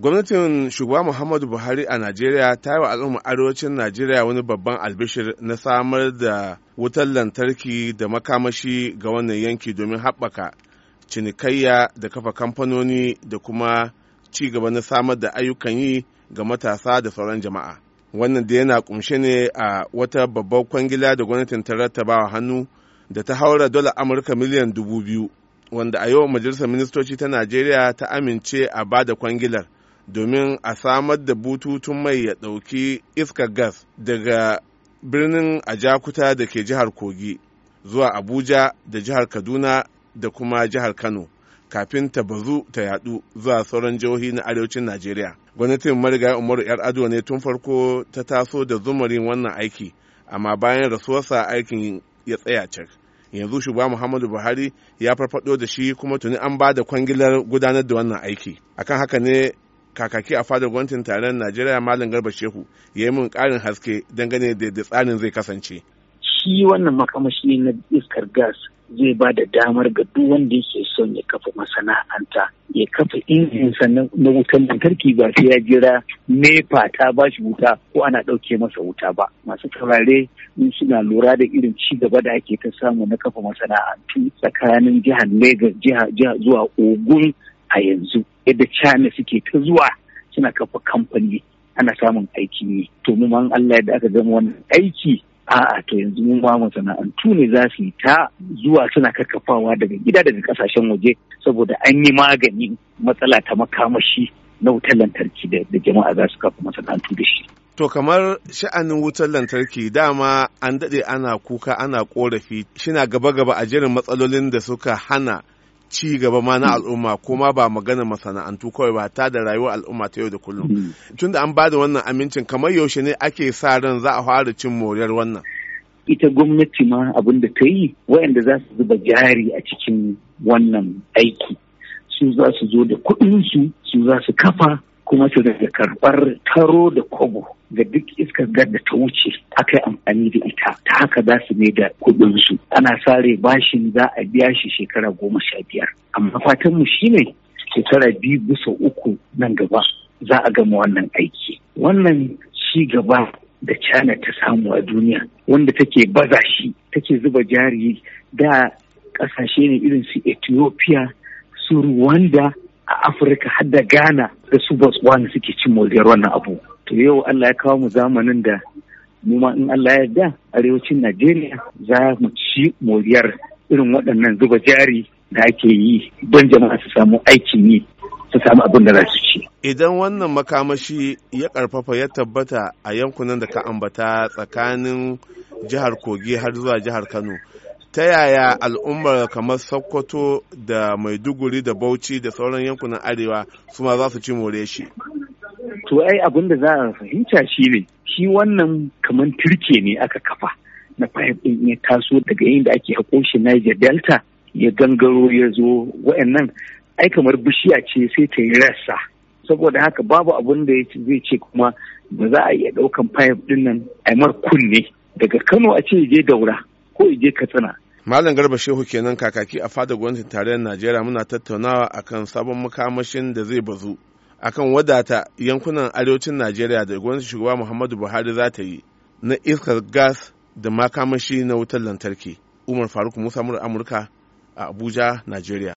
Gwamnatin shugaba Muhammadu Buhari a Najeriya ta yi wa al'umma arewacin Najeriya wani babban albishir na samar da wutar lantarki da makamashi ga wannan yanki domin haɓaka cinikayya da kafa kamfanoni da kuma ci gaba na samar da ayyukan yi ga matasa da sauran jama'a. Wannan da yana kumshe ne a wata babbar kwangila da gwamnatin ta rattabawa hannu da ta haura dola Amurka miliyan dubu biyu, wanda a yau Majalisar Ministoci ta Najeriya ta amince a ba da kwangilar. domin a samar da bututun mai ya ɗauki iskar gas daga birnin ajakuta da ke jihar kogi zuwa abuja da jihar kaduna da kuma jihar kano kafin ta bazu ta yadu zuwa sauran jihohi na arewacin najeriya gwamnatin marigayi umaru yar ado ne tun farko ta taso da zumarin wannan aiki amma bayan rasuwarsa aikin ya tsaya cak yanzu shugaba muhammadu buhari ya farfado da shi kuma tuni an ba da kwangilar gudanar da wannan aiki akan haka ne kakaki a fadar gwamnatin taron najeriya malam garba shehu ya yi min karin haske dangane da tsarin zai kasance shi wannan makamashi na iskar gas zai ba da damar ga duk wanda yake son ya kafa masana'anta ya kafa injin sannan na wutan lantarki ba sai ya jira nepa ta ba shi wuta ko ana ɗauke masa wuta ba masu taurare in suna lura da irin ci gaba da ake ta samu na kafa masana'antu tsakanin jihar lagos zuwa ogun a yanzu yadda China suke ta zuwa suna kafa kamfani ana samun aiki ne to mu man Allah yadda aka gama wannan aiki a'a to yanzu mun ma masana'antu ne za su yi ta zuwa suna kakkafawa daga gida daga kasashen waje saboda an yi magani matsala ta makamashi na wutar lantarki da jama'a za su kafa masana'antu da shi To kamar sha'anin wutar lantarki dama an daɗe ana kuka ana ƙorafi shina gaba-gaba a jerin matsalolin da suka hana ci gaba ma na hmm. al'umma ma ba magana masana'antu kawai ba ta da rayuwar al'umma ta yau da kullum hmm. tunda an ba da wannan amincin kamar yaushe ne ake sa ran za a fara cin moriyar wannan ita gwamnati ma abin da ta yi waɗanda za su zuba jari a cikin wannan aiki su za su zo da kuɗinsu su za su kafa kuma su daga karɓar taro da kobo ga duk iskar gar da ta wuce aka yi amfani da ita ta haka za su ne da kuɗin su ana sare bashin za a biya shi shekara goma sha biyar amma fatan mu shine shekara biyu bisa uku nan gaba za a gama wannan aiki wannan ci gaba da China ta samu a duniya wanda take baza shi take zuba jari da kasashe ne irin su Ethiopia su Rwanda a Afirka har da Ghana da su Botswana suke cin moriyar wannan abu to yau Allah ya kawo mu zamanin da mu ma in Allah ya yarda arewacin Najeriya za mu ci moriyar irin waɗannan zuba jari da ake yi don jama'a su samu aiki yi su samu abin da za su ci. Idan wannan makamashi ya karfafa ya tabbata a yankunan da ka ambata tsakanin jihar Kogi har zuwa jihar Kano. Ta yaya al'ummar kamar Sokoto da Maiduguri da Bauchi da sauran yankunan Arewa su ma za su ci more shi? to ai abin da za a fahimta shi ne shi wannan kamar turke ne aka kafa na pipe ɗin ya taso daga inda ake haƙo shi Niger Delta ya gangaro ya zo wa'annan ai kamar bishiya ce sai ta yi rassa saboda haka babu abin da zai ce kuma ba za a iya ɗaukan pipe ɗin nan a kunne daga Kano a ce je Daura ko je Katsina Malam Garba Shehu kenan kakaki a fadar gwamnatin tarayyar Najeriya muna tattaunawa akan sabon makamashin da zai bazu akan wadata yankunan arewacin najeriya da gwamnatin shugaba muhammadu buhari za ta yi na iskar gas da makamashi na wutar lantarki umar faruk musa amurka a abuja najeriya